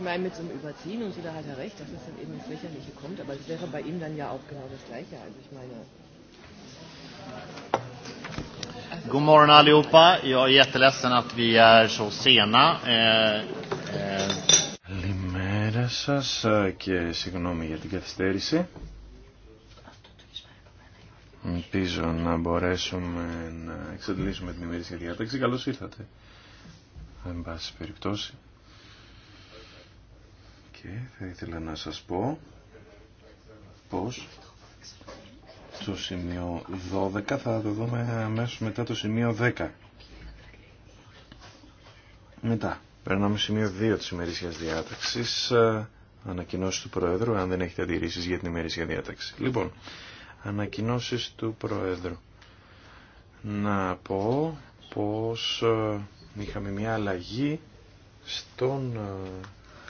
Ich meine, mit so einem Überziehen und so, da hat er recht, dass es dann eben ins Lächerliche kommt, aber es wäre bei ihm dann ja auch genau das Gleiche. Also ich meine. God morgon allihopa. Jag är jätteledsen att vi är så sena. Καλημέρα σας και συγγνώμη για την καθυστέρηση. Ελπίζω να μπορέσουμε να εξαντλήσουμε την ημερήσια διάταξη. Καλώς ήρθατε. Εν πάση περιπτώσει. Και θα ήθελα να σας πω πως το σημείο 12 θα το δούμε αμέσως μετά το σημείο 10. Μετά. Περνάμε σημείο 2 της ημερήσιας διάταξης. Ε, ανακοινώσεις του Προέδρου, αν δεν έχετε αντιρρήσεις για την ημερήσια διάταξη. Λοιπόν, ανακοινώσεις του Προέδρου. Να πω πως ε, είχαμε μια αλλαγή στον ε,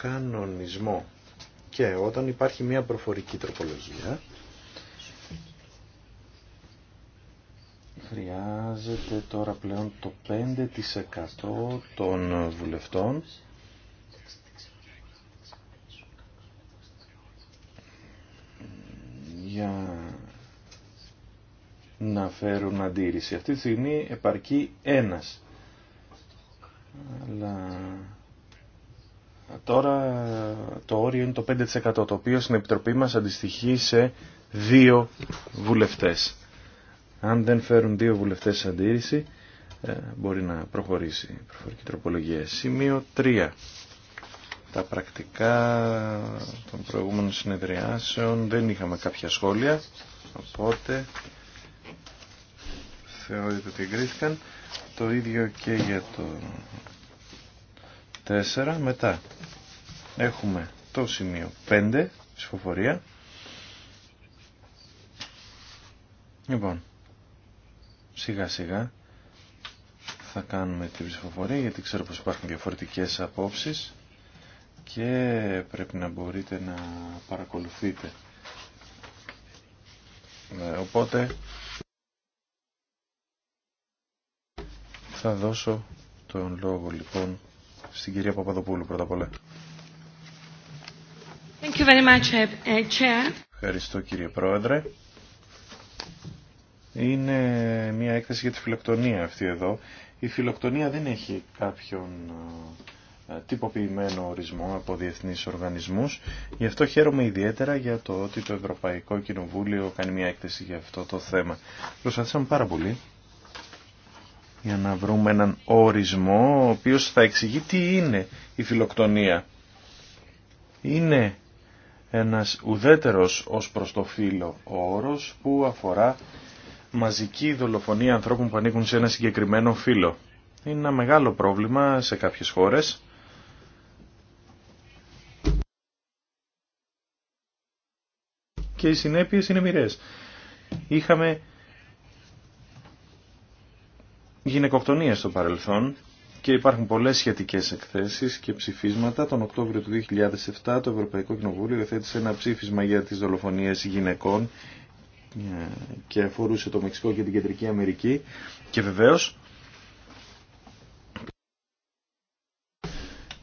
κανονισμό. Και όταν υπάρχει μια προφορική τροπολογία, χρειάζεται τώρα πλέον το 5% των βουλευτών για να φέρουν αντίρρηση. Αυτή τη στιγμή επαρκεί ένας Τώρα το όριο είναι το 5% το οποίο στην Επιτροπή μας αντιστοιχεί σε δύο βουλευτές. Αν δεν φέρουν δύο βουλευτές αντίρρηση ε, μπορεί να προχωρήσει η προφορική τροπολογία. Σημείο 3. Τα πρακτικά των προηγούμενων συνεδριάσεων δεν είχαμε κάποια σχόλια, οπότε θεωρείται ότι εγκρίθηκαν. Το ίδιο και για το 4. Μετά έχουμε το σημείο 5, ψηφοφορία. Λοιπόν, σιγά σιγά θα κάνουμε την ψηφοφορία γιατί ξέρω πως υπάρχουν διαφορετικές απόψεις και πρέπει να μπορείτε να παρακολουθείτε. Ε, οπότε θα δώσω τον λόγο λοιπόν στην κυρία Παπαδοπούλου πρώτα απ' όλα. Thank you very much, ε, ε, Chair. Ευχαριστώ κύριε Πρόεδρε. Είναι μια έκθεση για τη φιλοκτονία αυτή εδώ. Η φιλοκτονία δεν έχει κάποιον ε, τυποποιημένο ορισμό από διεθνείς οργανισμούς. Γι' αυτό χαίρομαι ιδιαίτερα για το ότι το Ευρωπαϊκό Κοινοβούλιο κάνει μια έκθεση για αυτό το θέμα. Προσπαθήσαμε πάρα πολύ για να βρούμε έναν ορισμό ο οποίος θα εξηγεί τι είναι η φιλοκτονία. Είναι ένας ουδέτερος ως προς το φύλλο όρος που αφορά μαζική δολοφονία ανθρώπων που ανήκουν σε ένα συγκεκριμένο φύλλο. Είναι ένα μεγάλο πρόβλημα σε κάποιες χώρες. Και οι συνέπειες είναι μοιραίες. Είχαμε γυναικοκτονία στο παρελθόν και υπάρχουν πολλές σχετικές εκθέσεις και ψηφίσματα. Τον Οκτώβριο του 2007 το Ευρωπαϊκό Κοινοβούλιο εθέτησε ένα ψήφισμα για τις δολοφονίες γυναικών ε, και αφορούσε το Μεξικό και την Κεντρική Αμερική και βεβαίως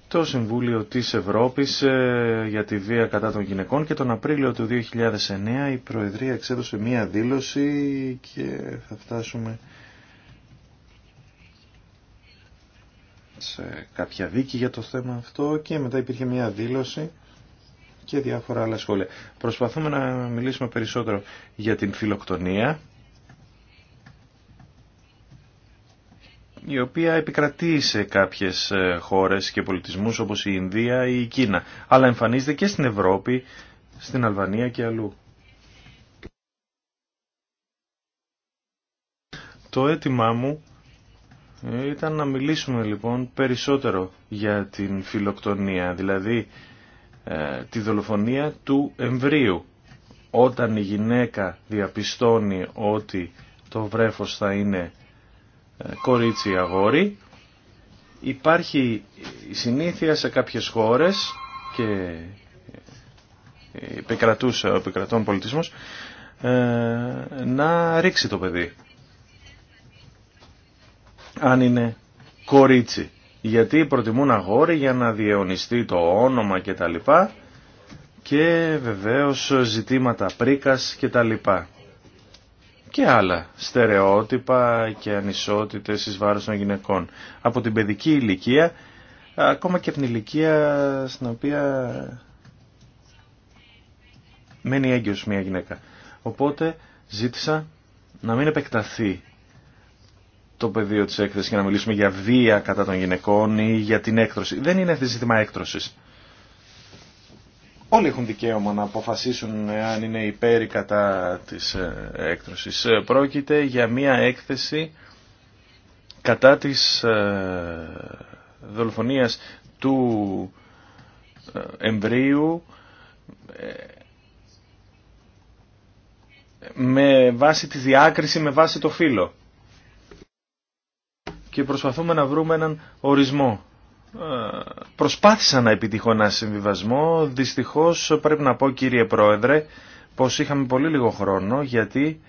το Συμβούλιο της Ευρώπης ε, για τη βία κατά των γυναικών και τον Απρίλιο του 2009 η Προεδρία εξέδωσε μία δήλωση και θα φτάσουμε σε κάποια δίκη για το θέμα αυτό και μετά υπήρχε μια δήλωση και διάφορα άλλα σχόλια. Προσπαθούμε να μιλήσουμε περισσότερο για την φιλοκτονία η οποία επικρατεί σε κάποιες ε, χώρες και πολιτισμούς όπως η Ινδία ή η Κίνα αλλά εμφανίζεται και στην Ευρώπη, στην Αλβανία και αλλού. Το αίτημά μου ε, ήταν να μιλήσουμε λοιπόν περισσότερο για την φιλοκτονία, δηλαδή ε, τη δολοφονία του εμβρίου. Όταν η γυναίκα διαπιστώνει ότι το βρέφος θα είναι ε, κορίτσι ή αγόρι, υπάρχει η συνήθεια σε κάποιες χώρες και επικρατούσε ο επικρατών πολιτισμός να ρίξει το παιδί αν είναι κορίτσι. Γιατί προτιμούν αγόρι για να διαιωνιστεί το όνομα και τα Και, και βεβαίως ζητήματα πρίκας και τα λοιπά και άλλα στερεότυπα και ανισότητες εις βάρος των γυναικών. Από την παιδική ηλικία, ακόμα και από την ηλικία στην οποία μένει έγκυος μια γυναίκα. Οπότε ζήτησα να μην επεκταθεί το πεδίο της έκθεσης για να μιλήσουμε για βία κατά των γυναικών ή για την έκτρωση. Δεν είναι ζήτημα έκτρωσης. Όλοι έχουν δικαίωμα να αποφασίσουν αν είναι υπέρ ή κατά της ε, έκτρωσης. Ε, πρόκειται για μια έκθεση κατά της ε, δολοφονίας του εμβρίου με βάση τη διάκριση, με βάση το φύλλο και προσπαθούμε να βρούμε έναν ορισμό. Ε, προσπάθησα να επιτύχω ένα συμβιβασμό, δυστυχώς πρέπει να πω κύριε Πρόεδρε πως είχαμε πολύ λίγο χρόνο γιατί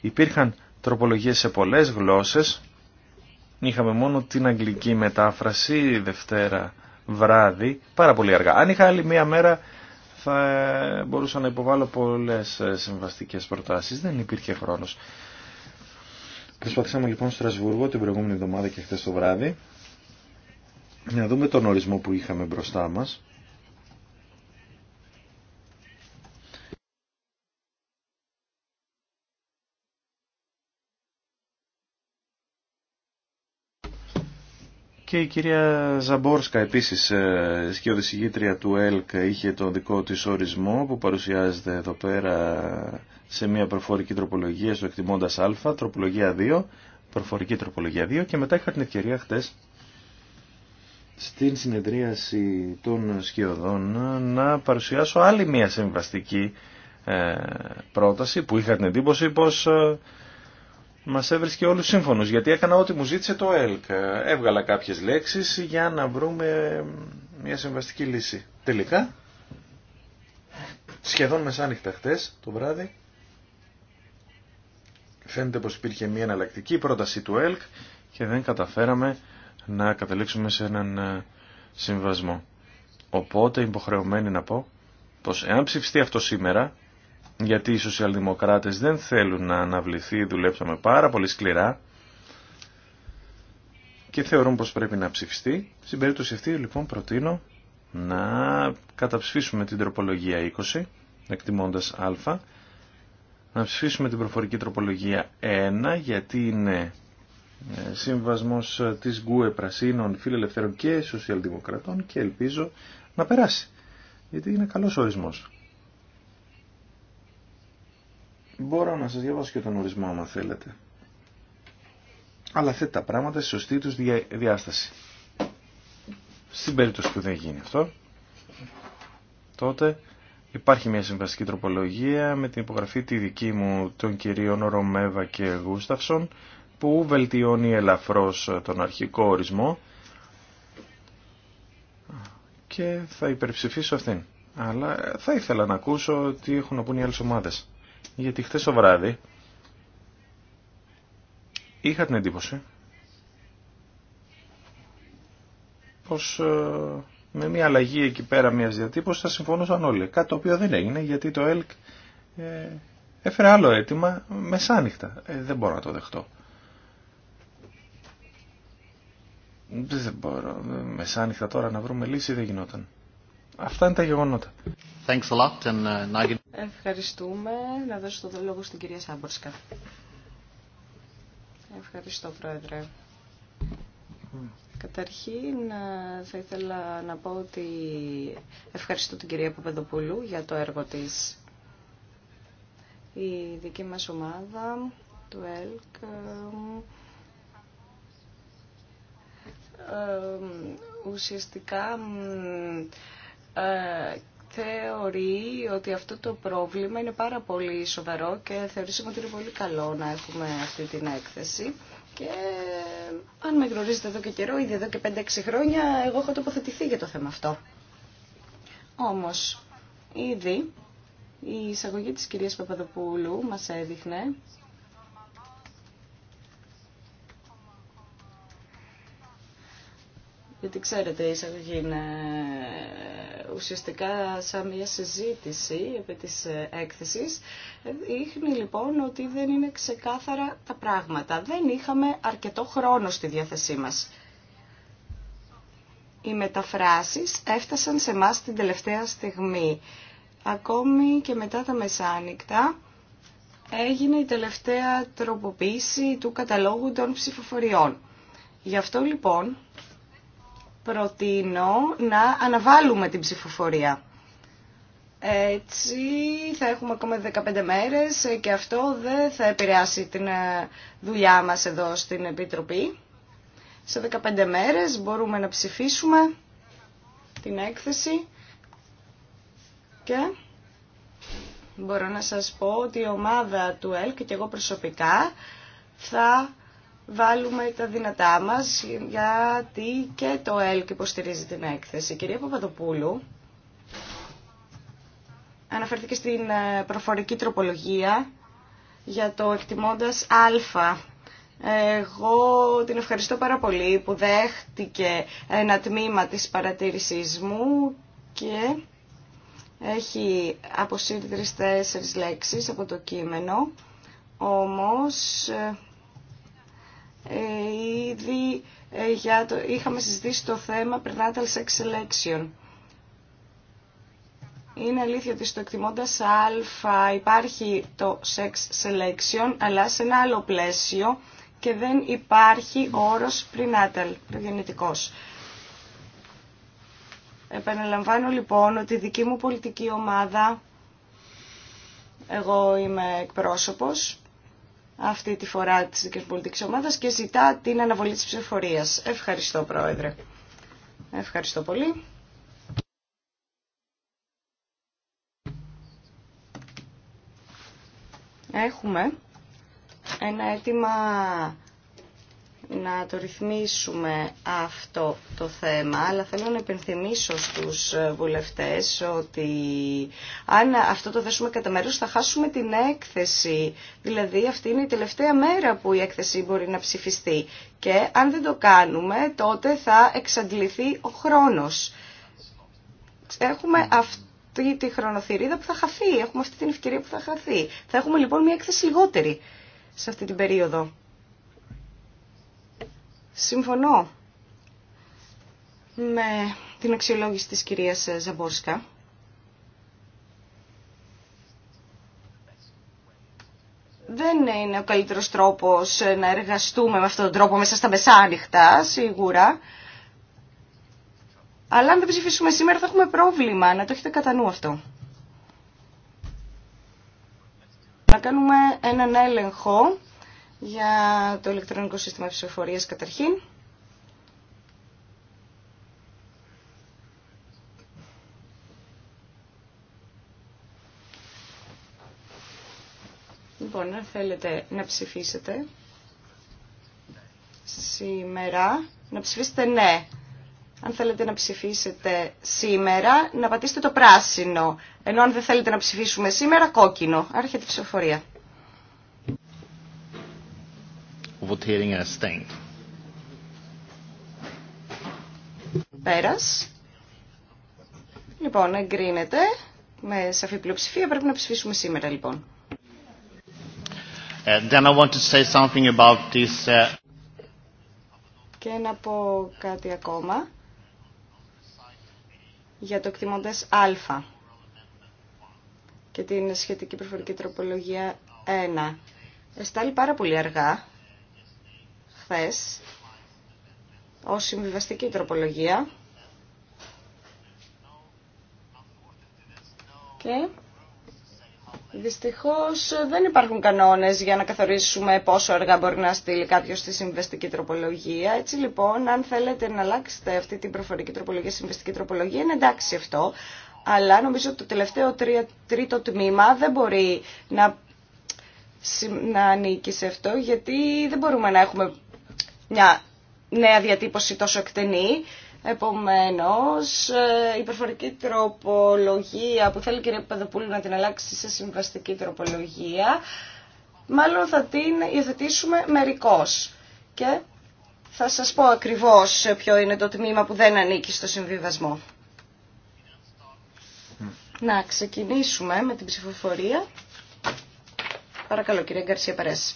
υπήρχαν τροπολογίες σε πολλές γλώσσες, είχαμε μόνο την αγγλική μετάφραση Δευτέρα βράδυ, πάρα πολύ αργά. Αν είχα άλλη μία μέρα θα μπορούσα να υποβάλω πολλές ε, συμβαστικές προτάσεις, δεν υπήρχε χρόνος. Προσπαθήσαμε λοιπόν στο Στρασβούργο την προηγούμενη εβδομάδα και χθε το βράδυ να δούμε τον ορισμό που είχαμε μπροστά μας Και η κυρία Ζαμπόρσκα επίσης, ε, σκιοδησηγήτρια του ΕΛΚ, είχε το δικό της ορισμό που παρουσιάζεται εδώ πέρα σε μια προφορική τροπολογία στο εκτιμώντας α, τροπολογία 2, προφορική τροπολογία 2 και μετά είχα την ευκαιρία χτες στην συνεδρίαση των σκιωδών να παρουσιάσω άλλη μια συμβαστική ε, πρόταση που είχα την εντύπωση πως ε, Μα έβρισκε όλου σύμφωνου γιατί έκανα ό,τι μου ζήτησε το ΕΛΚ. Έβγαλα κάποιες λέξεις για να βρούμε μια συμβαστική λύση. Τελικά, σχεδόν μεσάνυχτα χτες το βράδυ, φαίνεται πως υπήρχε μια εναλλακτική πρόταση του ΕΛΚ και δεν καταφέραμε να καταλήξουμε σε έναν ε, συμβασμό. Οπότε υποχρεωμένοι να πω πως εάν ψηφιστεί αυτό σήμερα γιατί οι σοσιαλδημοκράτες δεν θέλουν να αναβληθεί, δουλέψαμε πάρα πολύ σκληρά και θεωρούν πως πρέπει να ψηφιστεί. Στην περίπτωση αυτή λοιπόν προτείνω να καταψηφίσουμε την τροπολογία 20, εκτιμώντας α, να ψηφίσουμε την προφορική τροπολογία 1, γιατί είναι ε, σύμβασμος ε, της ΓΚΟΕ Πρασίνων, Φιλελευθέρων και Σοσιαλδημοκρατών και ελπίζω να περάσει, γιατί είναι καλός ορισμός. Μπορώ να σας διαβάσω και τον ορισμό αν θέλετε. Αλλά θέτει τα πράγματα στη σωστή τους διάσταση. Στην περίπτωση που δεν γίνει αυτό, τότε υπάρχει μια συμβαστική τροπολογία με την υπογραφή τη δική μου των κυρίων Ρωμέβα και Γούσταυσον που βελτιώνει ελαφρώς τον αρχικό ορισμό και θα υπερψηφίσω αυτήν. Αλλά θα ήθελα να ακούσω τι έχουν να πούν οι άλλες ομάδες γιατί χθες το βράδυ είχα την εντύπωση πως ε, με μια αλλαγή εκεί πέρα μια διατύπωση θα συμφωνούσαν όλοι. Κάτι το οποίο δεν έγινε γιατί το ΕΛΚ ε, έφερε άλλο αίτημα μεσάνυχτα. Ε, δεν μπορώ να το δεχτώ. Δεν μπορώ. Μεσάνυχτα τώρα να βρούμε λύση δεν γινόταν. Αυτά είναι τα γεγονότα. Thanks a lot and... Uh, Ευχαριστούμε. Να δώσω το λόγο στην κυρία Σάμπορσκα. Ευχαριστώ, Πρόεδρε. Καταρχήν ε, θα ήθελα να πω ότι ευχαριστώ την κυρία Παπαδοπούλου για το έργο της. Η δική μας ομάδα του ΕΛΚ ε, ε, ουσιαστικά ε, θεωρεί ότι αυτό το πρόβλημα είναι πάρα πολύ σοβαρό και θεωρήσαμε ότι είναι πολύ καλό να έχουμε αυτή την έκθεση. Και αν με γνωρίζετε εδώ και καιρό, ήδη εδώ και 5-6 χρόνια, εγώ έχω τοποθετηθεί για το θέμα αυτό. Όμως, ήδη η εισαγωγή της κυρίας Παπαδοπούλου μας έδειχνε γιατί ξέρετε η εισαγωγή είναι ουσιαστικά σαν μια συζήτηση επί της ε, έκθεσης, δείχνει λοιπόν ότι δεν είναι ξεκάθαρα τα πράγματα. Δεν είχαμε αρκετό χρόνο στη διάθεσή μας. Οι μεταφράσεις έφτασαν σε μας την τελευταία στιγμή. Ακόμη και μετά τα μεσάνυχτα έγινε η τελευταία τροποποίηση του καταλόγου των ψηφοφοριών. Γι' αυτό λοιπόν προτείνω να αναβάλουμε την ψηφοφορία. Έτσι θα έχουμε ακόμα 15 μέρες και αυτό δεν θα επηρεάσει την ε, δουλειά μας εδώ στην Επιτροπή. Σε 15 μέρες μπορούμε να ψηφίσουμε την έκθεση και μπορώ να σας πω ότι η ομάδα του ΕΛΚ και εγώ προσωπικά θα βάλουμε τα δυνατά μας γιατί και το ΕΛΚ υποστηρίζει την έκθεση. κυρία Παπαδοπούλου αναφέρθηκε στην ε, προφορική τροπολογία για το εκτιμώντας α. Εγώ την ευχαριστώ πάρα πολύ που δέχτηκε ένα τμήμα της παρατήρησής μου και έχει αποσύρει τρεις-τέσσερις λέξεις από το κείμενο. Όμως ε, ε, ήδη ε, για το, είχαμε συζητήσει το θέμα prenatal sex selection. Είναι αλήθεια ότι στο εκτιμώντας α υπάρχει το sex selection, αλλά σε ένα άλλο πλαίσιο και δεν υπάρχει όρος prenatal, προγεννητικός. Επαναλαμβάνω λοιπόν ότι η δική μου πολιτική ομάδα, εγώ είμαι εκπρόσωπος αυτή τη φορά της πολιτική ομάδα και ζητά την αναβολή της ψηφοφορία. Ευχαριστώ Πρόεδρε. Ευχαριστώ πολύ. Έχουμε ένα αίτημα να το ρυθμίσουμε αυτό το θέμα, αλλά θέλω να επενθυμίσω στους ε, βουλευτές ότι αν αυτό το θέσουμε κατά μέρος θα χάσουμε την έκθεση. Δηλαδή αυτή είναι η τελευταία μέρα που η έκθεση μπορεί να ψηφιστεί και αν δεν το κάνουμε τότε θα εξαντληθεί ο χρόνος. Έχουμε αυτή τη χρονοθυρίδα που θα χαθεί, έχουμε αυτή την ευκαιρία που θα χαθεί. Θα έχουμε λοιπόν μια έκθεση λιγότερη σε αυτή την περίοδο. Συμφωνώ με την αξιολόγηση της κυρίας Ζαμπόρσκα. Δεν είναι ο καλύτερος τρόπος να εργαστούμε με αυτόν τον τρόπο μέσα στα μεσάνυχτα, σίγουρα. Αλλά αν δεν ψηφίσουμε σήμερα θα έχουμε πρόβλημα, να το έχετε κατά νου αυτό. Να κάνουμε έναν έλεγχο για το ηλεκτρονικό σύστημα ψηφοφορίας καταρχήν. Λοιπόν, αν θέλετε να ψηφίσετε σήμερα, να ψηφίσετε ναι. Αν θέλετε να ψηφίσετε σήμερα, να πατήσετε το πράσινο. Ενώ αν δεν θέλετε να ψηφίσουμε σήμερα, κόκκινο. Άρχεται η ψηφοφορία. Och voteringen är stängd. Πέρας. Λοιπόν, εγκρίνεται με σαφή πλειοψηφία. Πρέπει να ψηφίσουμε σήμερα, λοιπόν. Ε, then I want to say something about this, uh... Και να πω κάτι ακόμα για το κτήμοντες α και την σχετική προφορική τροπολογία 1. Εστάλει πάρα πολύ αργά χθε ως συμβιβαστική τροπολογία και δυστυχώς δεν υπάρχουν κανόνες για να καθορίσουμε πόσο αργά μπορεί να στείλει κάποιος τη συμβιβαστική τροπολογία. Έτσι λοιπόν, αν θέλετε να αλλάξετε αυτή την προφορική τροπολογία, συμβιβαστική τροπολογία, είναι εντάξει αυτό. Αλλά νομίζω ότι το τελευταίο τρίτο τμήμα δεν μπορεί να να ανήκει σε αυτό, γιατί δεν μπορούμε να έχουμε μια νέα διατύπωση τόσο εκτενή. Επομένως, ε, η προφορική τροπολογία που θέλει η κυρία Παπαδοπούλου να την αλλάξει σε συμβαστική τροπολογία, μάλλον θα την υιοθετήσουμε μερικώς. Και θα σας πω ακριβώς ποιο είναι το τμήμα που δεν ανήκει στο συμβιβασμό. Να ξεκινήσουμε με την ψηφοφορία. Παρακαλώ, κυρία Γκαρσία Παρέση.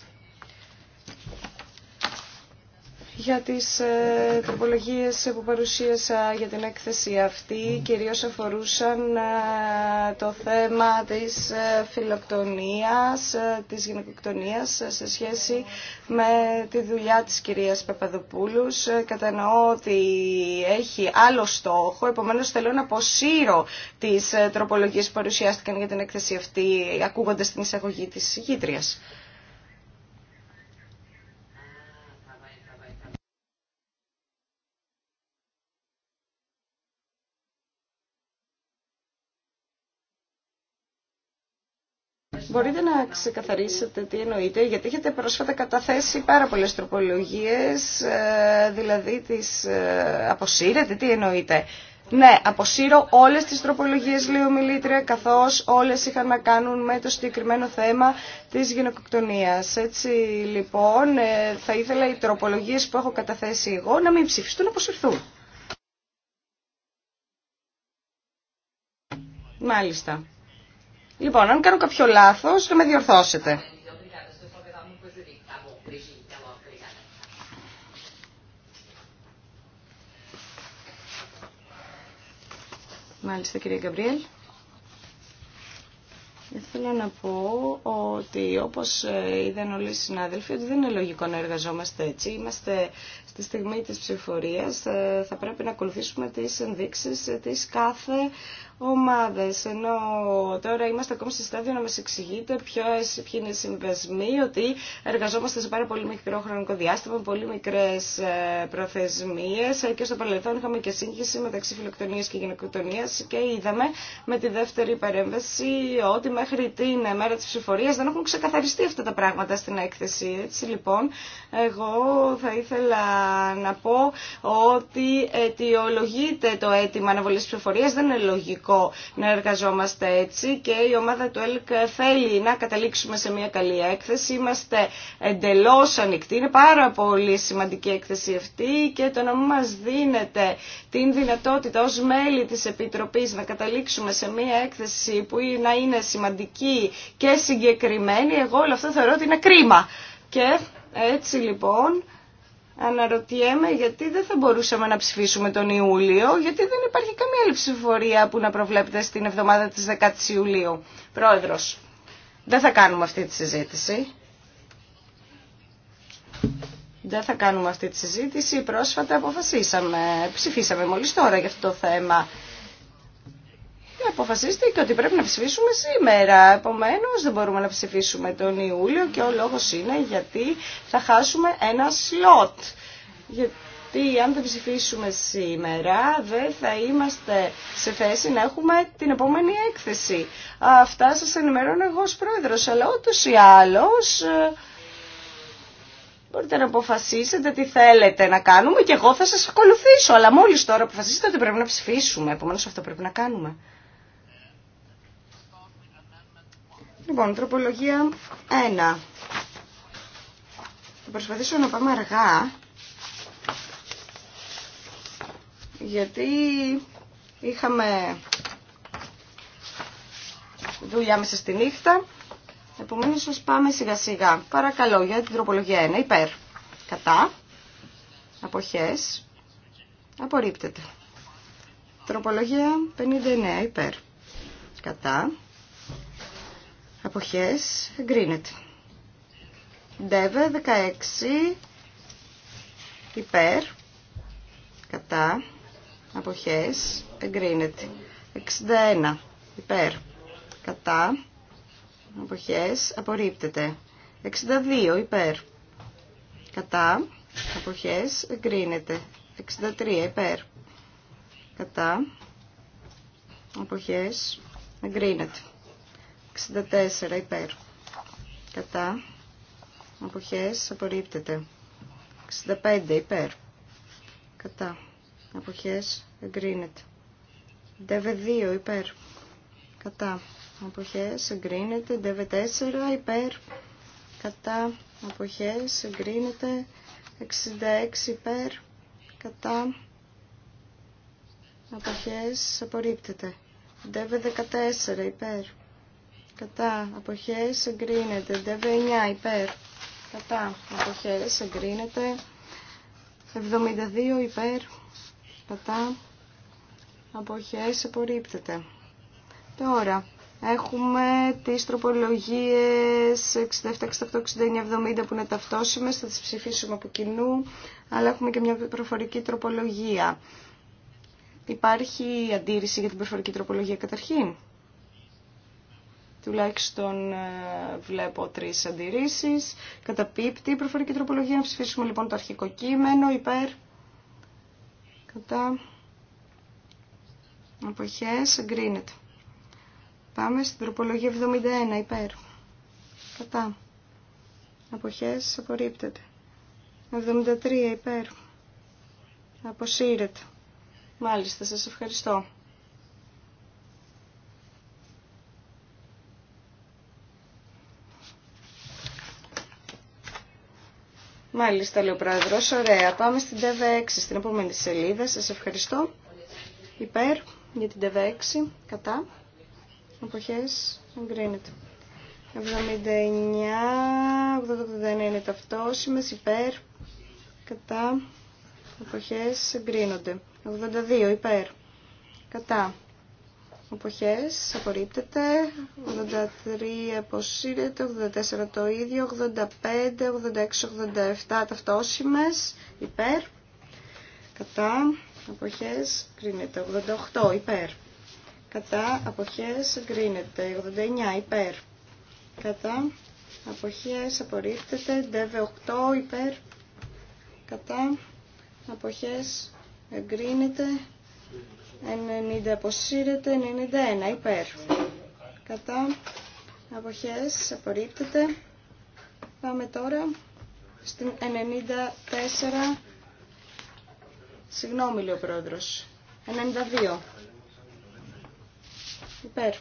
για τις ε, τροπολογίες που παρουσίασα για την έκθεση αυτή. Κυρίως αφορούσαν ε, το θέμα της ε, φιλοκτονίας, της γυναικοκτονίας σε σχέση με τη δουλειά της κυρίας Παπαδοπούλους. Κατανοώ ότι έχει άλλο στόχο, επομένως θέλω να αποσύρω τις τροπολογίες που παρουσιάστηκαν για την έκθεση αυτή, ακούγοντας την εισαγωγή της γήτριας. Μπορείτε να ξεκαθαρίσετε τι εννοείτε, γιατί έχετε πρόσφατα καταθέσει πάρα πολλές τροπολογίες, ε, δηλαδή τις ε, αποσύρετε, τι εννοείτε. Ναι, αποσύρω όλες τις τροπολογίες, λέει ο Μιλήτρια, καθώς όλες είχαν να κάνουν με το συγκεκριμένο θέμα της γυναικοκτονίας. Έτσι, λοιπόν, ε, θα ήθελα οι τροπολογίες που έχω καταθέσει εγώ να μην ψηφιστούν, να αποσυρθούν. Μάλιστα. Λοιπόν, αν κάνω κάποιο λάθος, να με διορθώσετε. Μάλιστα, κυρία Γκαμπριέλ. Θέλω να πω ότι όπως ε, είδαν όλοι οι συνάδελφοι ότι δεν είναι λογικό να εργαζόμαστε έτσι. Είμαστε τη στιγμή της ψηφορίας ε, θα πρέπει να ακολουθήσουμε τις ενδείξεις της κάθε ομάδες. Ενώ τώρα είμαστε ακόμη στη στάδιο να μας εξηγείτε ποιο ποιοι είναι οι συμβεσμοί, ότι εργαζόμαστε σε πάρα πολύ μικρό χρονικό διάστημα, πολύ μικρές ε, προθεσμίες ε, και στο παρελθόν είχαμε και σύγχυση μεταξύ φιλοκτονίας και γυναικοκτονίας και είδαμε με τη δεύτερη παρέμβαση ότι μέχρι την μέρα της ψηφορίας δεν έχουν ξεκαθαριστεί αυτά τα πράγματα στην έκθεση. Έτσι λοιπόν, εγώ θα ήθελα να πω ότι αιτιολογείται το αίτημα τη πληροφορία Δεν είναι λογικό να εργαζόμαστε έτσι και η ομάδα του ΕΛΚ θέλει να καταλήξουμε σε μια καλή έκθεση. Είμαστε εντελώ ανοιχτοί. Είναι πάρα πολύ σημαντική έκθεση αυτή και το να μας δίνεται την δυνατότητα ω μέλη της Επιτροπής να καταλήξουμε σε μια έκθεση που να είναι σημαντική και συγκεκριμένη, εγώ όλο αυτό θεωρώ ότι είναι κρίμα. Και έτσι λοιπόν Αναρωτιέμαι γιατί δεν θα μπορούσαμε να ψηφίσουμε τον Ιούλιο, γιατί δεν υπάρχει καμία άλλη ψηφοφορία που να προβλέπεται στην εβδομάδα της 10 η Ιουλίου. Πρόεδρος, δεν θα κάνουμε αυτή τη συζήτηση. Δεν θα κάνουμε αυτή τη συζήτηση. Πρόσφατα αποφασίσαμε, ψηφίσαμε μόλις τώρα για αυτό το θέμα αποφασίστηκε ότι πρέπει να ψηφίσουμε σήμερα. Επομένω, δεν μπορούμε να ψηφίσουμε τον Ιούλιο και ο λόγο είναι γιατί θα χάσουμε ένα σλότ. Γιατί αν δεν ψηφίσουμε σήμερα, δεν θα είμαστε σε θέση να έχουμε την επόμενη έκθεση. Αυτά σα ενημερώνω εγώ ως πρόεδρος, αλλά ούτω ή άλλω. Ε, μπορείτε να αποφασίσετε τι θέλετε να κάνουμε και εγώ θα σας ακολουθήσω. Αλλά μόλις τώρα αποφασίσετε ότι πρέπει να ψηφίσουμε. Επομένως αυτό πρέπει να κάνουμε. Λοιπόν, τροπολογία 1. Θα προσπαθήσω να πάμε αργά, γιατί είχαμε δουλειά μέσα στη νύχτα, επομένως σας πάμε σιγά σιγά. Παρακαλώ για την τροπολογία 1, υπέρ, κατά, αποχές, απορρίπτεται. Τροπολογία 59, υπέρ, κατά, αποχές εγκρίνεται. Ντεβε, 16 υπέρ κατά αποχές εγκρίνεται. 61 υπέρ κατά αποχές απορρίπτεται. 62 υπέρ κατά αποχές εγκρίνεται. 63 υπέρ κατά αποχές εγκρίνεται. 64 υπέρ. Κατά. Αποχές απορρίπτεται. 65 υπέρ. Κατά. Αποχές Δεβε ΔΕΒ2 υπέρ. Κατά. Αποχές Δεβε ΔΕΒ4 υπέρ. Κατά. Αποχές εγκρίνεται. 66 υπέρ. Κατά. Αποχές Δεβε ΔΕΒ14 υπέρ κατά αποχές εγκρίνεται. DV9 υπέρ κατά αποχές εγκρίνεται. 72 υπέρ κατά αποχές απορρίπτεται. Τώρα έχουμε τις τροπολογίες 67, 68, 69, 70 που είναι ταυτόσιμες, θα τις ψηφίσουμε από κοινού, αλλά έχουμε και μια προφορική τροπολογία. Υπάρχει αντίρρηση για την προφορική τροπολογία καταρχήν. Τουλάχιστον ε, βλέπω τρει αντιρρήσει. Καταπίπτει η προφορική τροπολογία. Να ψηφίσουμε λοιπόν το αρχικό κείμενο. Υπέρ. Κατά. Αποχέ. Εγκρίνεται. Πάμε στην τροπολογία 71. Υπέρ. Κατά. Αποχέ. Απορρίπτεται. 73. Υπέρ. Αποσύρεται. Μάλιστα. Σα ευχαριστώ. Μάλιστα, λέει ο πρόεδρο. Ωραία. Πάμε στην TV6, στην επόμενη σελίδα. Σα ευχαριστώ. Υπέρ για την TV6. Κατά. Εποχέ. Εγκρίνεται. 79, 89 είναι ταυτόσιμε. Υπέρ. Κατά. Εποχέ. Εγκρίνονται. 82. Υπέρ. Κατά. Αποχές, απορρίπτεται. 83 αποσύρεται, 84 το ίδιο, 85, 86, 87 ταυτόσημες, υπέρ. Κατά, εποχές, κρίνεται. 88, υπέρ. Κατά, αποχές, κρίνεται. 89, υπέρ. Κατά, αποχές, απορρίπτεται. ΔΕΒΕ 8, υπέρ. Κατά, αποχές, εγκρίνεται. 90 αποσύρεται, 91 υπέρ. Κατά αποχές απορρίπτεται. Πάμε τώρα στην 94, συγγνώμη λέει ο πρόεδρος, 92. Υπέρ.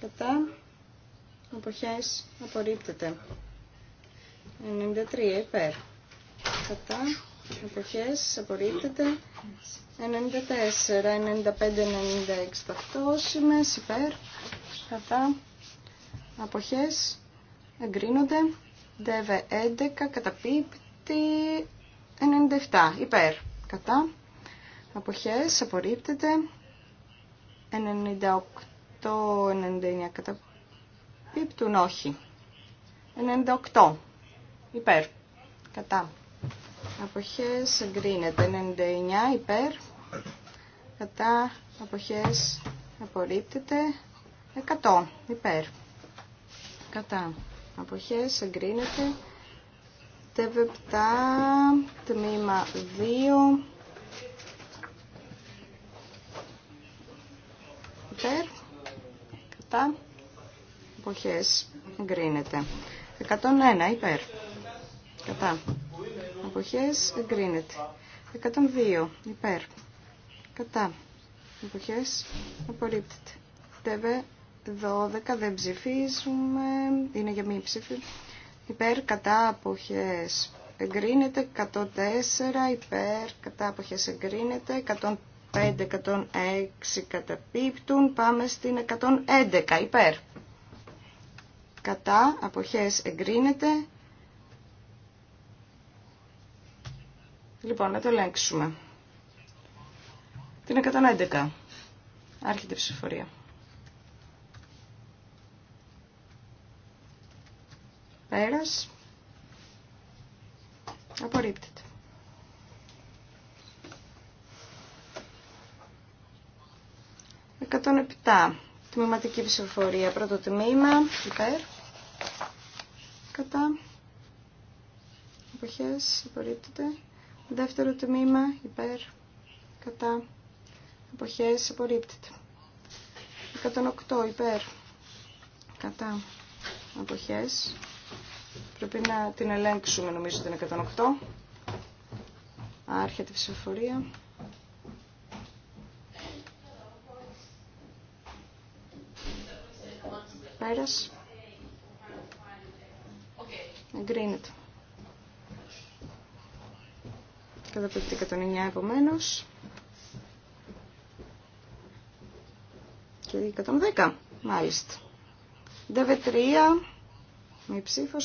Κατά αποχές απορρίπτεται. 93 υπέρ. Κατά εποχές απορρίπτεται 94, 95, 96 ταυτόσημες υπέρ κατά αποχές εγκρίνονται ΔΕΒΕ 11 καταπίπτει 97 υπέρ κατά αποχές απορρίπτεται 98, 99 καταπίπτουν όχι 98 υπέρ κατά αποχές εγκρίνεται 99 υπέρ κατά αποχές απορρίπτεται 100 υπέρ κατά αποχές εγκρίνεται τεβεπτά τμήμα 2 υπέρ κατά αποχές εγκρίνεται 101 υπέρ κατά αποχές εγκρίνεται. 102 υπέρ. Κατά. Αποχές απορρίπτεται. Τεβε 12 δεν ψηφίζουμε. Είναι για μη ψήφι. Υπέρ κατά αποχές εγκρίνεται. 104 υπέρ κατά αποχές εγκρίνεται. 105, 106 καταπίπτουν. Πάμε στην 111 υπέρ. Κατά αποχές εγκρίνεται. Λοιπόν, να το ελέγξουμε. Την 111. Άρχεται η ψηφορία. Πέρας. Απορρίπτεται. Εκατόν επτά. Τμήματική ψηφοφορία. Πρώτο τμήμα. Υπέρ. Κατά. Εποχές. Απορρίπτεται. Δεύτερο τμήμα υπέρ κατά εποχές απορρίπτεται. 108 υπέρ κατά εποχές. Πρέπει να την ελέγξουμε νομίζω την 108. Άρχεται η ψηφοφορία. Πέρας. Εγκρίνεται. Καταπληκτή 109 επομένω Και 110, μαλιστα dv ΔΒ3, με ψήφο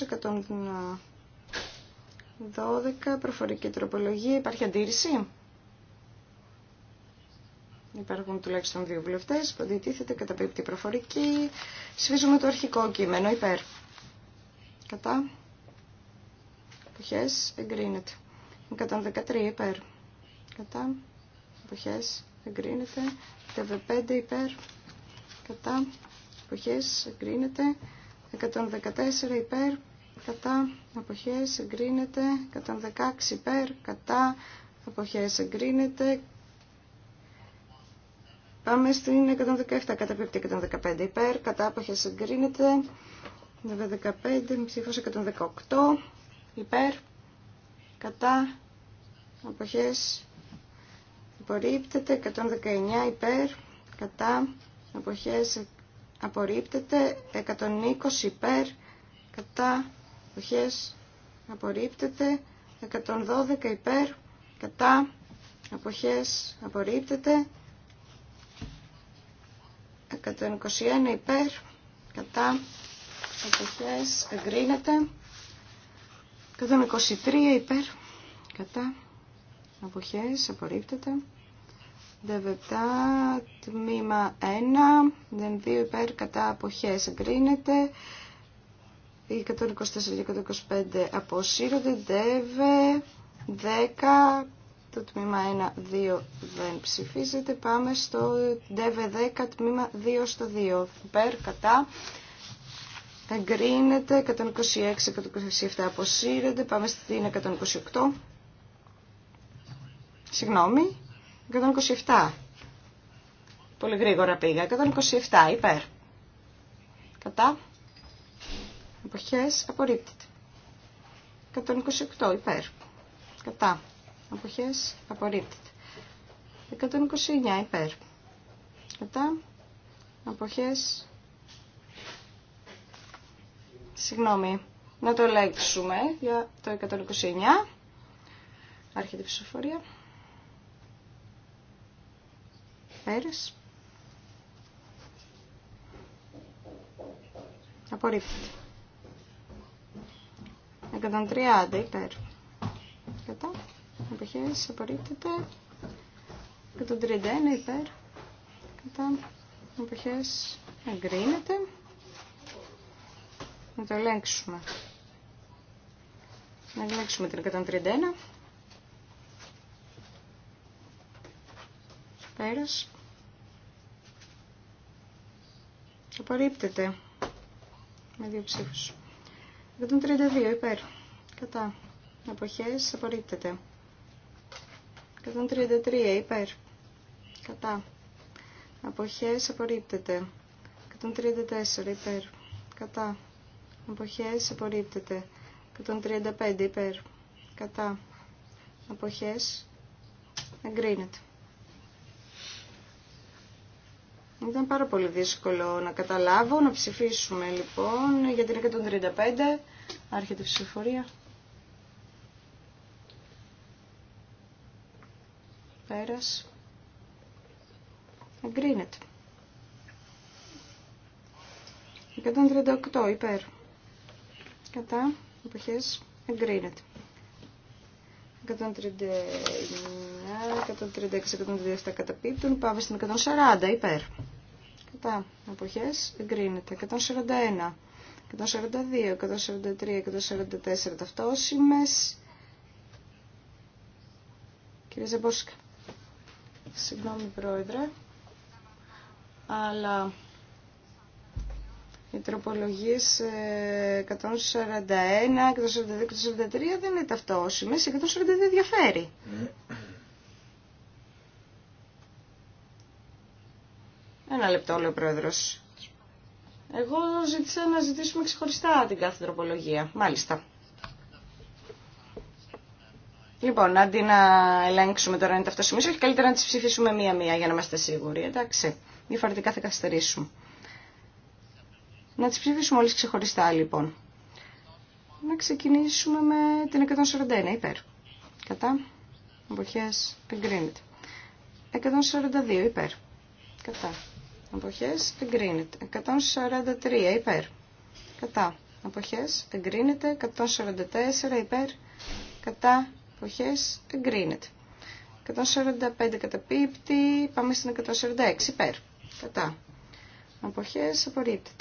112, προφορική τροπολογία, υπάρχει αντίρρηση. Υπάρχουν τουλάχιστον δύο βουλευτέ που αντιτίθεται κατά πίπτη προφορική. Σφίζουμε το αρχικό κείμενο υπέρ. Κατά. Εποχές εγκρίνεται. 113 υπέρ. Κατά. εποχέ εγκρίνεται. 15 υπέρ. Κατά. εποχέ, εγκρίνεται. 114 υπέρ. Κατά. εποχέ εγκρίνεται. 116 υπέρ. Κατά. εποχέ εγκρίνεται. Πάμε στην 117, καταπίπτει 115 υπέρ, κατά αποχές εγκρίνεται, 115, ψήφο 118 υπέρ, κατά αποχές απορρίπτεται 119 υπέρ κατά αποχές απορρίπτεται 120 υπέρ κατά αποχές απορρίπτεται 112 υπέρ κατά αποχές απορρίπτεται 121 υπέρ κατά αποχές εγκρίνεται 123 υπέρ κατά αποχές απορρίπτεται. ΔΕΒΕΤΑ, τμήμα 1, δεν 2 υπέρ κατά αποχές εγκρίνεται. Οι 124 και 125 αποσύρονται. Δεβε 10, το τμήμα 1, 2 δεν ψηφίζεται. Πάμε στο Δεβε 10, τμήμα 2 στο 2. Υπέρ κατά εγκρίνεται 126-127 αποσύρεται πάμε στην 128 συγγνώμη 127 πολύ γρήγορα πήγα 127 υπέρ κατά Αποχές. απορρίπτεται 128 υπέρ κατά Αποχές. απορρίπτεται 129 υπέρ κατά Αποχές Συγγνώμη, να το ελέγξουμε για το 129. Άρχεται η ψηφοφορία. Φέρες. Απορρίπτει. 130 υπέρ. Κατά. Αποχές απορρίπτεται. 131 υπέρ. Κατά. Αποχές εγκρίνεται. Να το ελέγξουμε. Να ελέγξουμε την 131. Πέρας. Απορρίπτεται. Με δύο ψήφους. 132 υπέρ. Κατά. Αποχές απορρίπτεται. 133 υπέρ. Κατά. Αποχές απορρίπτεται. 134 υπέρ. Κατά αποχές απορρίπτεται. 135 υπέρ κατά αποχές εγκρίνεται. Ήταν πάρα πολύ δύσκολο να καταλάβω, να ψηφίσουμε λοιπόν για την 135, άρχεται η ψηφοφορία. Πέρας. Εγκρίνεται. 138 υπέρ κατά εποχές εγκρίνεται. 139, 136, 137 καταπίπτουν. Πάμε στην 140 υπέρ. Κατά εποχές εγκρίνεται. 141, 142, 143, 144 ταυτόσημες. Κύριε Ζεμπόσκα. Συγγνώμη πρόεδρε. Αλλά οι τροπολογίες 141 ε, 142, δεν είναι ταυτοσιμε 142 διαφέρει. Ένα λεπτό, λέει ο Πρόεδρος. Εγώ ζήτησα να ζητήσουμε ξεχωριστά την κάθε τροπολογία. Μάλιστα. Λοιπόν, αντί να ελέγξουμε τώρα αν είναι ταυτόσιμε, όχι καλύτερα να τις ψηφίσουμε μία-μία για να είμαστε σίγουροι, εντάξει. Διαφορετικά θα καθυστερήσουμε. Να τις ψηφίσουμε όλες ξεχωριστά λοιπόν. Να ξεκινήσουμε με την 141 υπέρ. Κατά. Αποχές εγκρίνεται. 142 υπέρ. Κατά. Αποχές εγκρίνεται. 143 υπέρ. Κατά. Αποχές εγκρίνεται. 144 υπέρ. Κατά. Αποχές εγκρίνεται. 145 καταπίπτει. Πάμε στην 146 υπέρ. Κατά. Αποχές απορρίπτεται.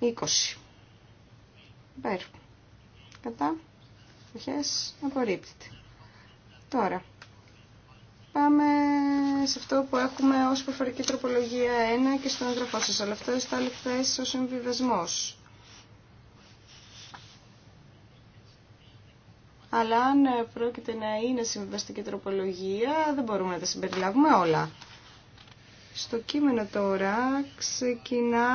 20. Παίρνω. Κατά. Αρχές Απορρίπτεται. Τώρα. Πάμε σε αυτό που έχουμε ως προφορική τροπολογία 1 και στον έγγραφό σας. Αλλά αυτό είναι άλλη θέση ο συμβιβασμό. Αλλά αν πρόκειται να είναι συμβιβαστική τροπολογία, δεν μπορούμε να τα συμπεριλάβουμε όλα. Στο κείμενο τώρα ξεκινά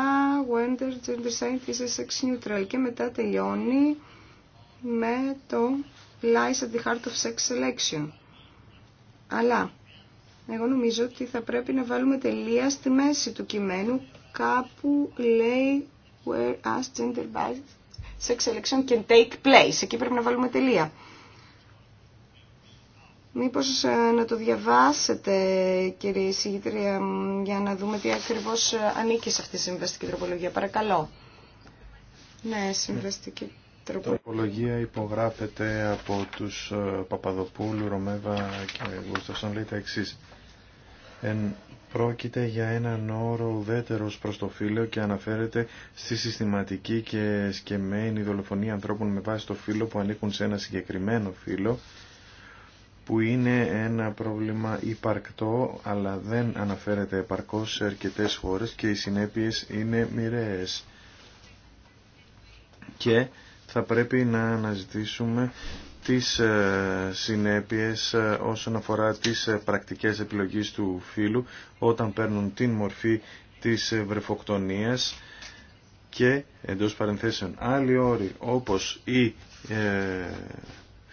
Wonder Gender Science is Sex Neutral και μετά τελειώνει με το Lies at the Heart of Sex Selection. Αλλά εγώ νομίζω ότι θα πρέπει να βάλουμε τελεία στη μέση του κειμένου κάπου λέει Where as gender based sex selection can take place. Εκεί πρέπει να βάλουμε τελεία. Μήπως ε, να το διαβάσετε, κύριε Συγήτρια, για να δούμε τι ακριβώς ε, ανήκει σε αυτή τη συμβαστική τροπολογία. Παρακαλώ. Ναι, συμβαστική τροπολογία. Η τροπολογία υπογράφεται από τους ε, Παπαδοπούλου, Ρωμέβα και Γουστασόν. Λέει τα εξής. πρόκειται για έναν όρο ουδέτερος προς το φύλλο και αναφέρεται στη συστηματική και σκεμμένη δολοφονία ανθρώπων με βάση το φύλλο που ανήκουν σε ένα συγκεκριμένο φύλλο που είναι ένα πρόβλημα υπαρκτό αλλά δεν αναφέρεται επαρκώς σε αρκετές χώρες και οι συνέπειες είναι μοιραίες. Και θα πρέπει να αναζητήσουμε τις ε, συνέπειες ε, όσον αφορά τις ε, πρακτικές επιλογές του φίλου όταν παίρνουν την μορφή της βρεφοκτονίας και εντός παρενθέσεων άλλοι όροι όπως η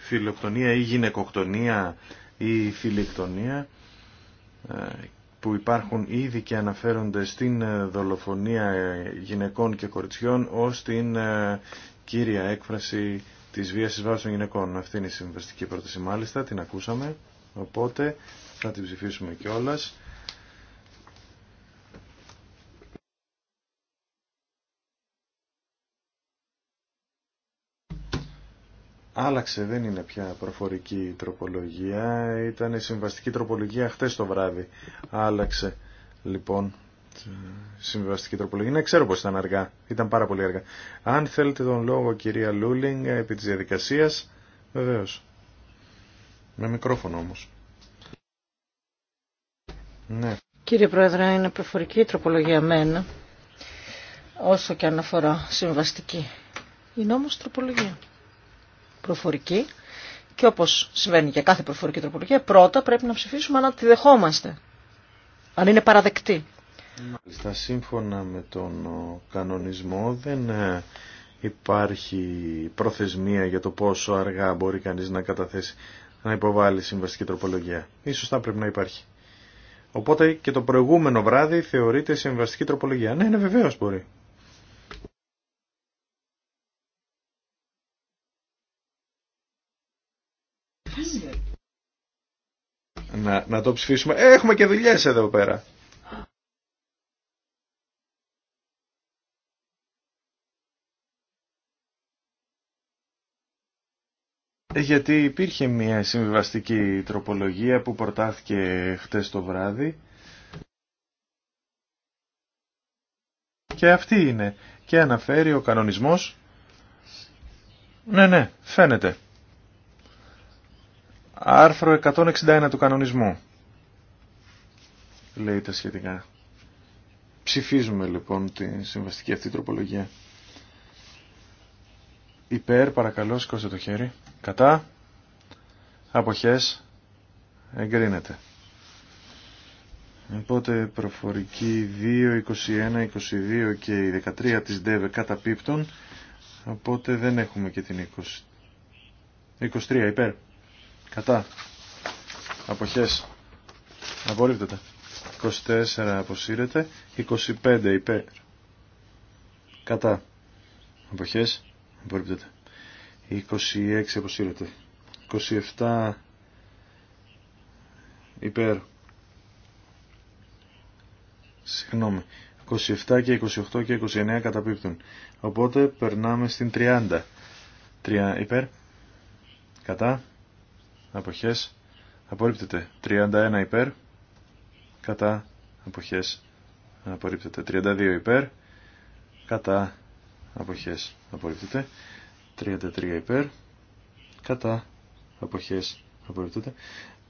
φιλοκτονία ή γυναικοκτονία ή φιλικτονία ε, που υπάρχουν ήδη και αναφέρονται στην ε, δολοφονία ε, γυναικών και κοριτσιών ως την κύρια έκφραση της βίας της των γυναικών. Αυτή είναι η συμβαστική πρόταση μάλιστα, την ακούσαμε, οπότε θα την ψηφίσουμε κιόλας. άλλαξε, δεν είναι πια προφορική τροπολογία, ήταν συμβαστική τροπολογία χτες το βράδυ. Άλλαξε λοιπόν συμβαστική τροπολογία. Ναι, ξέρω πως ήταν αργά, ήταν πάρα πολύ αργά. Αν θέλετε τον λόγο κυρία Λούλινγκ επί της διαδικασίας, βεβαίως. Με μικρόφωνο όμως. Ναι. Κύριε Πρόεδρε, είναι προφορική τροπολογία μένα, όσο και αναφορά συμβαστική. Είναι όμως τροπολογία προφορική και όπως συμβαίνει για κάθε προφορική τροπολογία, πρώτα πρέπει να ψηφίσουμε αν τη δεχόμαστε, αν είναι παραδεκτή. Μάλιστα, σύμφωνα με τον κανονισμό δεν ε, υπάρχει προθεσμία για το πόσο αργά μπορεί κανείς να καταθέσει να υποβάλει συμβαστική τροπολογία. Ίσως θα πρέπει να υπάρχει. Οπότε και το προηγούμενο βράδυ θεωρείται συμβαστική τροπολογία. Ναι, ναι, βεβαίως μπορεί. να το ψηφίσουμε. Ε, έχουμε και δουλειέ εδώ πέρα. Ε, γιατί υπήρχε μια συμβιβαστική τροπολογία που προτάθηκε χτες το βράδυ. Και αυτή είναι. Και αναφέρει ο κανονισμός. Ναι, ναι, φαίνεται. Άρθρο 161 του κανονισμού. Λέει τα σχετικά. Ψηφίζουμε λοιπόν τη συμβαστική αυτή τροπολογία. Υπέρ, παρακαλώ, σηκώστε το χέρι. Κατά. Αποχές. Εγκρίνεται. Οπότε προφορική 2, 21, 22 και η 13 της ΔΕΒΕ πίπτων. Οπότε δεν έχουμε και την 20. 23 υπέρ. Κατά. Αποχές. Απορρίπτεται. 24 αποσύρεται. 25 υπέρ. Κατά. Αποχές. Απορρίπτεται. 26 αποσύρεται. 27 υπέρ. Συγγνώμη. 27 και 28 και 29 καταπίπτουν. Οπότε περνάμε στην 30. 3 υπέρ. Κατά αποχές απορρίπτεται 31 υπέρ κατά αποχές απορρίπτεται 32 υπέρ κατά αποχές απορρίπτεται 33 υπέρ κατά αποχές απορρίπτεται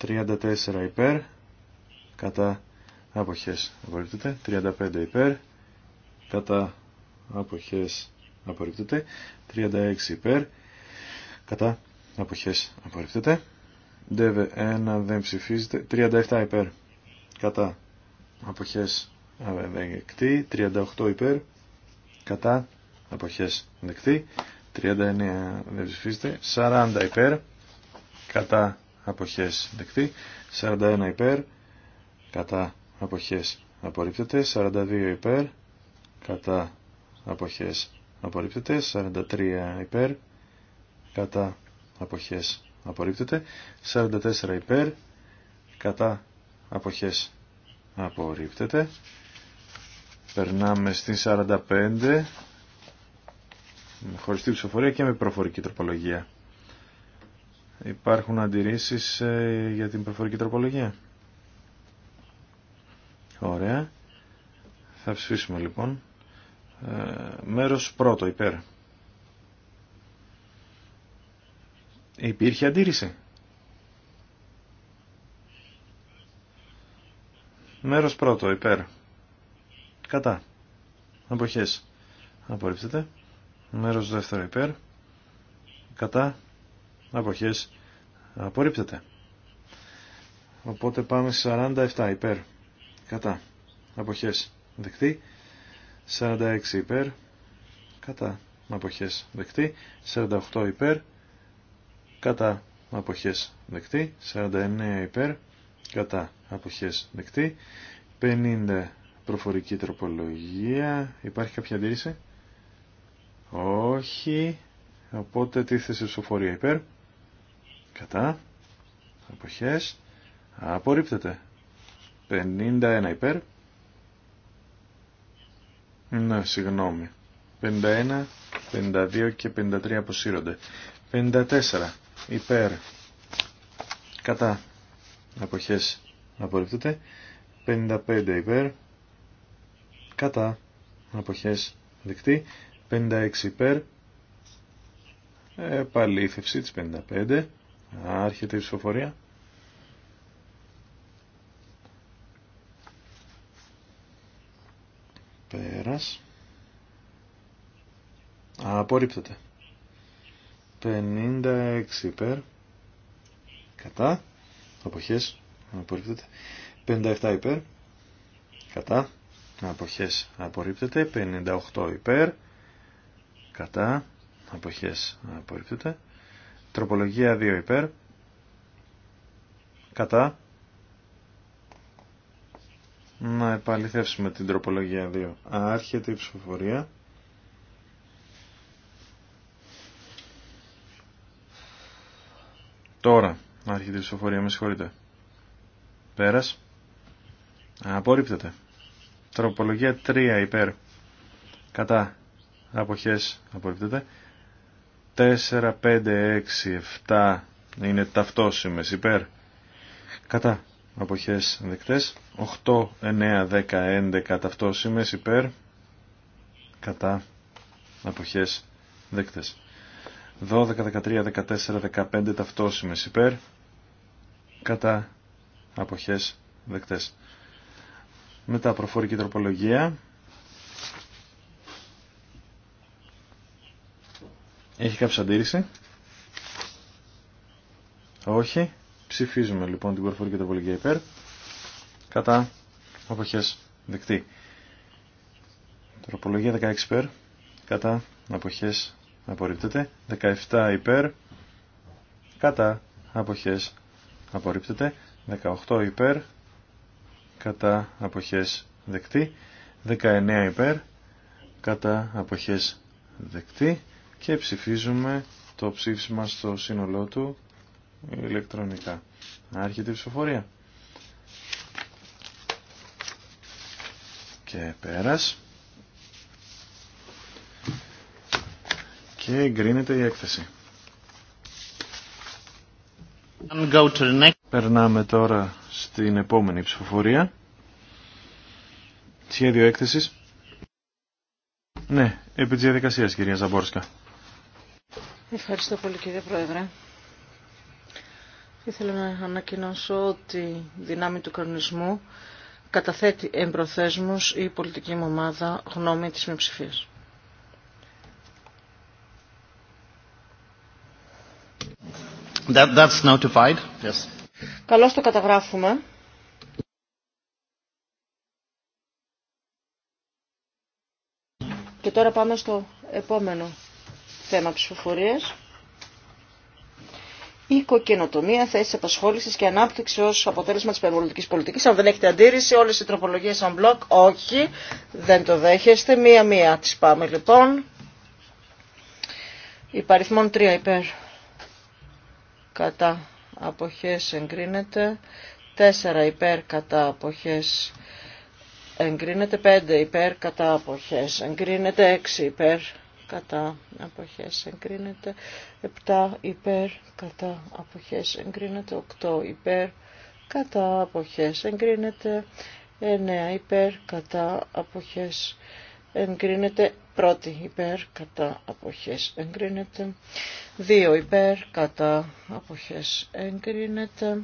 34 υπέρ κατά αποχές απορρίπτεται 35 υπέρ κατά αποχές απορρίπτεται 36 υπέρ κατά αποχές απορρίπτεται ΔΕΒΕ 1 δεν ψηφίζεται. 37 υπέρ. Κατά. Αποχές δεκτή. 38 υπέρ. Κατά. Αποχές δεκτή. 39 δεν ψηφίζεται. 40 υπέρ. Κατά. Αποχές δεκτή. 41 υπέρ. Κατά. Αποχές απορρίπτεται. 42 υπέρ. Κατά. Αποχές απορρίπτεται. 43 υπέρ. Κατά. Αποχές απορρίπτεται 44 υπέρ κατά αποχές απορρίπτεται περνάμε στην 45 με χωριστή ψηφοφορία και με προφορική τροπολογία υπάρχουν αντιρρήσεις ε, για την προφορική τροπολογία ωραία θα ψηφίσουμε λοιπόν ε, μέρος πρώτο υπέρ Υπήρχε αντίρρηση. Μέρος πρώτο, υπέρ. Κατά. Αποχές. Απορρίπτεται. Μέρος δεύτερο, υπέρ. Κατά. Αποχές. Απορρίπτεται. Οπότε πάμε σε 47 υπέρ. Κατά. Αποχές. Δεκτή. 46 υπέρ. Κατά. Αποχές. Δεκτή. 48 υπέρ κατά αποχές δεκτή, 49 υπέρ κατά αποχές δεκτή, 50 προφορική τροπολογία, υπάρχει κάποια αντίρρηση, όχι, οπότε τίθεση ψηφοφορία υπέρ, κατά, αποχές, απορρίπτεται, 51 υπέρ, ναι, συγγνώμη, 51, 52 και 53 αποσύρονται, 54 υπέρ κατά αποχές απορριφθείτε 55 υπέρ κατά αποχές δεκτή 56 υπέρ επαλήθευση της 55 άρχεται η ψηφοφορία πέρας απορρίπτεται 56 υπέρ. Κατά. Αποχές. Απορρίπτεται. 57 υπέρ. Κατά. Αποχές. Απορρίπτεται. 58 υπέρ. Κατά. Αποχές. Απορρίπτεται. Τροπολογία 2 υπέρ. Κατά. Να επαληθεύσουμε την τροπολογία 2. Άρχεται η ψηφοφορία. Τώρα, άρχεται η ψηφοφορία, με συγχωρείτε. Πέρας. Απορρίπτεται. Τροπολογία 3 υπέρ. Κατά. Αποχές. Απορρίπτεται. 4, 5, 6, 7 είναι ταυτόσιμες υπέρ. Κατά. Αποχές δεκτές. 8, 9, 10, 11 ταυτόσιμες υπέρ. Κατά. Αποχές δεκτές. 12, 13, 14, 15 ταυτόσημες υπέρ, κατά αποχές δεκτές. Μετά προφορική τροπολογία. Έχει κάποια αντίρρηση. Όχι. Ψηφίζουμε λοιπόν την προφορική τροπολογία υπέρ. Κατά αποχές δεκτή. Τροπολογία 16 υπέρ. Κατά αποχές απορρίπτεται. 17 υπέρ, κατά αποχές απορρίπτεται. 18 υπέρ, κατά αποχές δεκτή. 19 υπέρ, κατά αποχές δεκτή. Και ψηφίζουμε το ψήφισμα στο σύνολό του ηλεκτρονικά. Άρχεται η ψηφοφορία. Και πέρας. και εγκρίνεται η έκθεση. Περνάμε τώρα στην επόμενη ψηφοφορία. Σχέδιο έκθεσης. Ναι, επί της διαδικασίας κυρία Ζαμπόρσκα. Ευχαριστώ πολύ κύριε Πρόεδρε. Ήθελα να ανακοινώσω ότι δυνάμει του κανονισμού καταθέτει εμπροθέσμους η πολιτική μου ομάδα γνώμη της μειοψηφίας. That, that's notified. Yes. Καλώς το καταγράφουμε. Και τώρα πάμε στο επόμενο θέμα ψηφοφορίας. Οικοκαινοτομία, θέσει απασχόληση και ανάπτυξη ω αποτέλεσμα τη περιβαλλοντική πολιτική. Αν δεν έχετε αντίρρηση, όλε οι τροπολογίε on μπλοκ όχι, δεν το δέχεστε. Μία-μία τι πάμε λοιπόν. Υπαριθμών τρία υπέρ κατά αποχές εγκρίνεται 4 υπέρ κατά αποχές εγκρίνεται 5 υπέρ κατά αποχές εγκρίνεται 6 υπέρ κατά αποχές εγκρίνεται 7 υπέρ κατά αποχές εγκρίνεται 8 υπέρ κατά αποχές εγκρίνεται 9 υπέρ κατά αποχές εγκρίνεται εγκρίνεται. Πρώτη υπέρ κατά αποχές εγκρίνεται. Δύο υπέρ κατά αποχές εγκρίνεται.